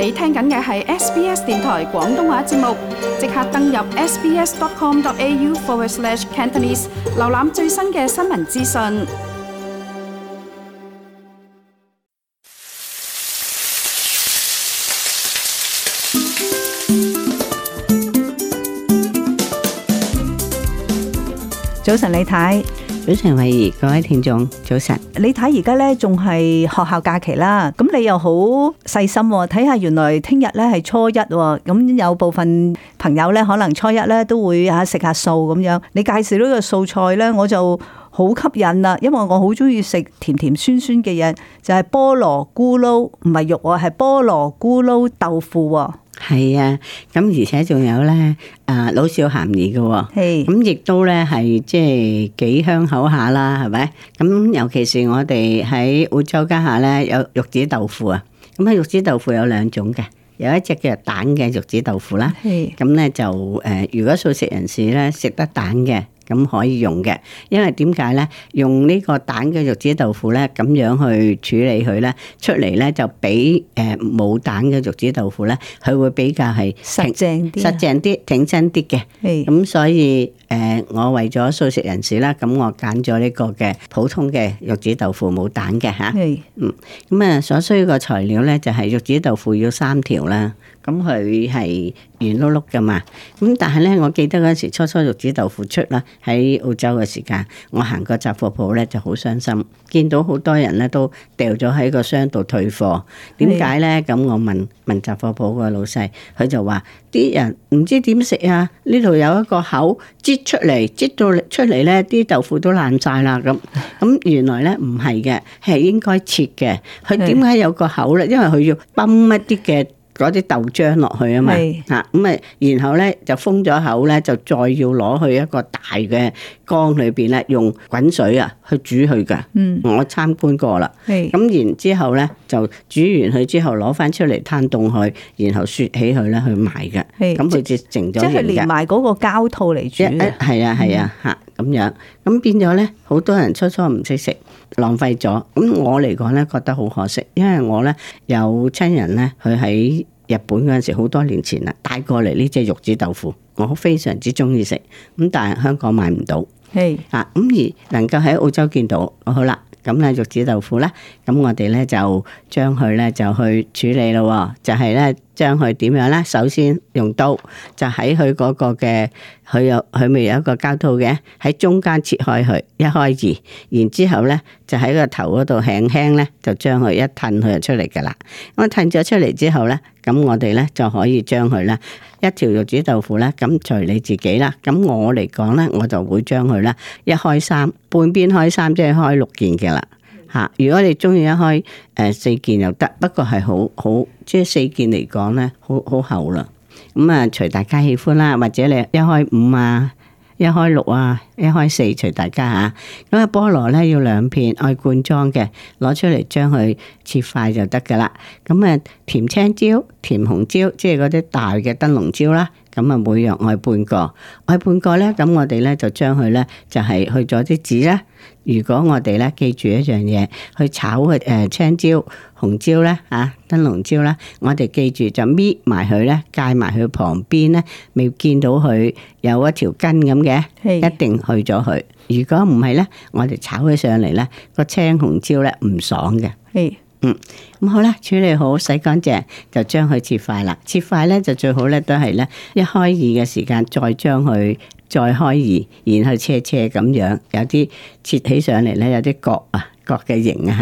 你聽緊嘅係 SBS 電台廣東話節目，即刻登入 sbs.com.au/cantonese，瀏覽最新嘅新聞資訊。早晨，李太。早晨，慧怡，各位聽眾，早晨。你睇而家咧，仲係學校假期啦，咁你又好細心，睇下原來聽日咧係初一，咁有部分朋友咧可能初一咧都會啊食下素咁樣。你介紹呢個素菜咧，我就好吸引啦，因為我好中意食甜甜酸酸嘅嘢，就係、是、菠蘿咕嚕唔係肉啊，係菠蘿咕嚕豆腐。係啊，咁而且仲有咧，啊老少咸宜嘅，咁亦的都咧係即係幾香口下啦，係咪？咁尤其是我哋喺澳洲家下咧，有玉子豆腐啊，咁啊玉子豆腐有兩種嘅，有一隻叫做蛋嘅玉子豆腐啦，咁咧的就誒、呃，如果素食人士咧食得蛋嘅。咁可以用嘅，因為點解咧？用呢個蛋嘅肉子豆腐咧，咁樣去處理佢咧，出嚟咧就比誒冇蛋嘅肉子豆腐咧，佢會比較係實淨啲、實淨啲、的挺身啲嘅。咁所以。誒，我為咗素食人士啦，咁我揀咗呢個嘅普通嘅玉子豆腐冇蛋嘅吓，是嗯，咁啊，所需要嘅材料咧就係玉子豆腐要三條啦。咁佢係圓碌碌㗎嘛。咁但係咧，我記得嗰陣時初初玉子豆腐出啦喺澳洲嘅時間，我行過雜貨鋪咧就好傷心，見到好多人咧都掉咗喺個箱度退貨。點解咧？咁是我問問雜貨鋪個老細，佢就話。啲人唔知點食啊！呢度有一個口擠出嚟，擠到出嚟咧，啲豆腐都爛晒啦咁。咁原來咧唔係嘅，係應該切嘅。佢點解有個口咧？因為佢要泵一啲嘅，嗰啲豆漿落去啊嘛，嚇咁是啊，然後咧就封咗口咧，就再要攞去一個大嘅缸裏邊咧，用滾水啊去煮佢噶。嗯，我參觀過啦。係咁是，然之後咧就煮完佢之後，攞翻出嚟攤凍佢，然後雪起佢咧去賣嘅。係咁是，佢就剩咗。即係連埋嗰個膠套嚟煮。係啊係啊嚇咁、啊啊嗯啊、樣，咁變咗咧，好多人初初唔識食，浪費咗。咁我嚟講咧，覺得好可惜，因為我咧有親人咧，佢喺。日本嗰陣時好多年前啦，帶過嚟呢隻玉子豆腐，我非常之中意食，但係香港買唔到，Hey. 啊，而能夠喺澳洲見到，好啦，咁呢玉子豆腐呢，咁我哋呢就將佢呢就去處理咯，就係呢。將佢點樣呢？首先用刀就喺佢嗰個嘅，佢有佢咪有一個膠套嘅，喺中間切開佢一開二，然之後咧就喺個頭嗰度輕輕輕呢，就將佢一褪佢就出嚟噶啦。咁褪咗出嚟之後呢，咁我哋呢，就可以將佢咧一條肉煮豆腐咧，咁隨你自己啦。咁我嚟講呢，我就會將佢咧一開三，半邊開三，即係開六件嘅啦。嚇！如果你中意一開誒四件又得，不過係好好即係四件嚟講咧，好好厚啦。咁啊，隨大家喜歡啦，或者你一開五啊，一開六啊，一開四，隨大家嚇。咁啊，菠蘿咧要兩片愛罐裝嘅攞出嚟，將佢切塊就得㗎喇。咁啊，甜青椒、甜紅椒，即係嗰啲大嘅燈籠椒啦。咁啊，每樣愛半個，愛半個咧。咁我哋咧就將佢咧就係、係、去咗啲籽啦。如果我哋咧記住一樣嘢，去炒佢誒、呃、青椒、紅椒咧嚇、啊、燈籠椒咧，我哋記住就搣埋佢咧，介埋佢旁邊咧，未見到佢有一條根咁嘅，是一定去咗佢。如果唔係咧，我哋炒起上嚟咧，個青紅椒咧唔爽嘅。嗯，咁好啦，處理好洗乾淨，就將佢切塊啦。切塊咧就最好咧都係咧一開二嘅時間，再將佢再開二，然後切切咁樣。有啲切起上嚟咧，有啲角啊，角嘅形啊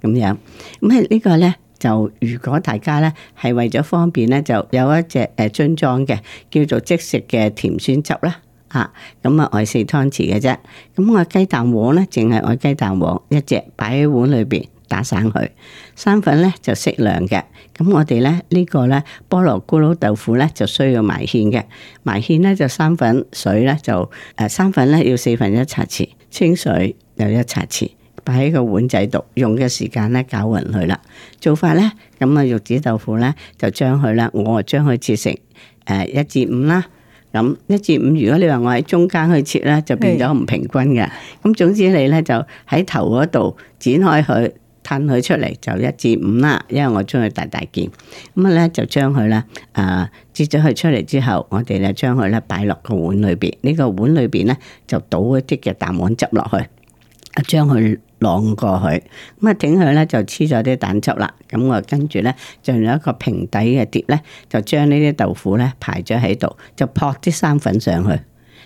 吓，咁樣。咁、嗯、喺、這個、呢個咧就如果大家咧係為咗方便咧，就有一隻誒樽裝嘅叫做即食嘅甜酸汁啦。吓，咁啊，我、嗯、四湯匙嘅啫。咁我雞蛋黃咧，淨係我雞蛋黃一隻，擺喺碗裏面。打散佢，生粉咧就適量嘅。咁我哋咧呢個咧菠蘿咕嚕豆腐咧就需要埋芡嘅，埋芡咧就生粉水咧就誒生粉咧要四分一茶匙，清水又一茶匙，擺喺個碗仔度，用嘅時間咧攪勻佢啦。做法咧咁啊玉子豆腐咧就將佢啦，我啊將佢切成誒一至五啦。咁一至五如果你話我喺中間去切咧，就變咗唔平均嘅。咁是總之你咧就喺頭嗰度剪開佢。褪佢出嚟就一至五啦，因為我將佢大大件咁啊咧，就將佢咧啊擠咗佢出嚟之後，我哋咧將佢咧擺落個碗裏邊。呢個碗裏邊咧就倒一啲嘅蛋黃汁落去，啊將佢晾過去。咁啊，整佢咧就黐咗啲蛋汁啦。咁我跟住咧，就用一個平底嘅碟咧，就將呢啲豆腐咧排咗喺度，就撲啲生粉上去。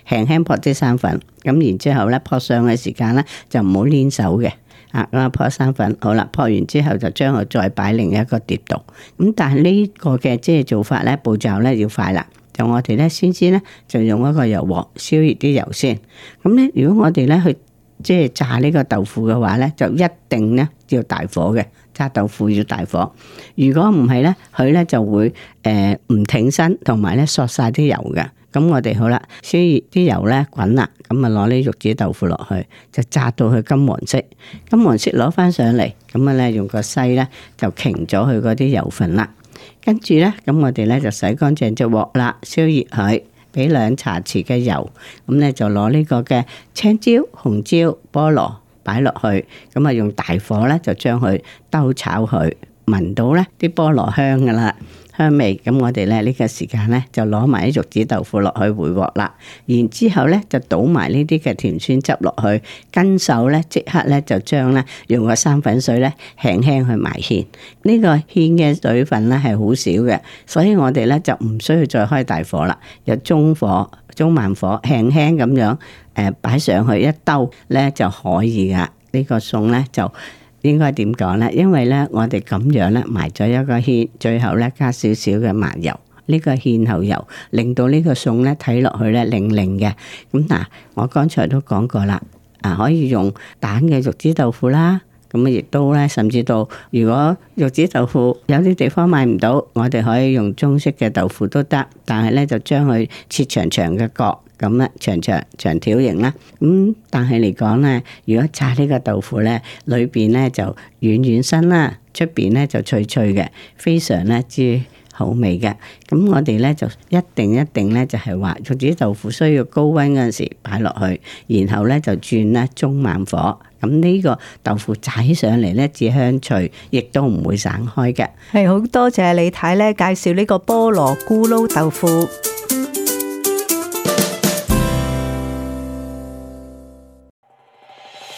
輕輕撲啲生粉，咁然之後咧撲上嘅時間咧就唔好粘手嘅。啊咁啊撲生粉好啦，撲完之後就將佢再擺另一個碟度。咁但係呢個嘅即係做法咧步驟咧要快啦，就我哋咧先先咧就用一個油鑊燒熱啲油先。咁、嗯、咧如果我哋咧去即係炸呢個豆腐嘅話咧，就一定咧要大火嘅，炸豆腐要大火。如果唔係咧，佢咧就會誒唔挺身，同埋咧索晒啲油嘅。咁我哋好啦，燒熱啲油咧滾啦，咁啊攞啲玉子豆腐落去，就炸到佢金黃色，金黃色攞翻上嚟，咁啊咧用個篩咧就擎咗佢嗰啲油份啦，跟住咧咁我哋咧就洗乾淨隻鑊啦，燒熱佢，俾兩茶匙嘅油，咁咧就攞呢個嘅青椒、紅椒、菠蘿擺落去，咁啊用大火咧就將佢兜炒佢，聞到咧啲菠蘿香噶啦。香味咁，我哋咧呢個時間咧就攞埋啲肉子豆腐落去回鑊啦，然之後咧就倒埋呢啲嘅甜酸汁落去，跟手咧即刻咧就將咧用個生粉水咧輕輕去埋芡。呢個芡嘅水分咧係好少嘅，所以我哋咧就唔需要再開大火啦，有中火、中慢火，輕輕咁樣誒擺上去一兜咧就可以㗎。呢個餸咧就應該點講呢？因為呢，我哋咁樣呢，埋咗一個芡，最後呢，加少少嘅麻油，呢、這個芡後油，令到這個呢個餸呢睇落去呢，靈靈嘅。咁嗱，我剛才都講過啦、啊，可以用蛋嘅肉脂豆腐啦，咁啊亦都呢，甚至到如果肉脂豆腐有啲地方買唔到，我哋可以用中式嘅豆腐都得，但係呢，就將佢切長長嘅角，咁啦，長長長條形啦，咁但係嚟講咧，如果炸呢個豆腐咧，裏邊咧就軟軟身啦，出邊咧就脆脆嘅，非常咧之好味嘅。咁我哋咧就一定一定咧就係話用啲豆腐需要高溫嗰陣時擺落去，然後咧就轉咧中慢火，咁呢個豆腐炸起上嚟咧，至香脆，亦都唔會散開嘅。係好多謝李太咧介紹呢個菠蘿咕嚕豆腐。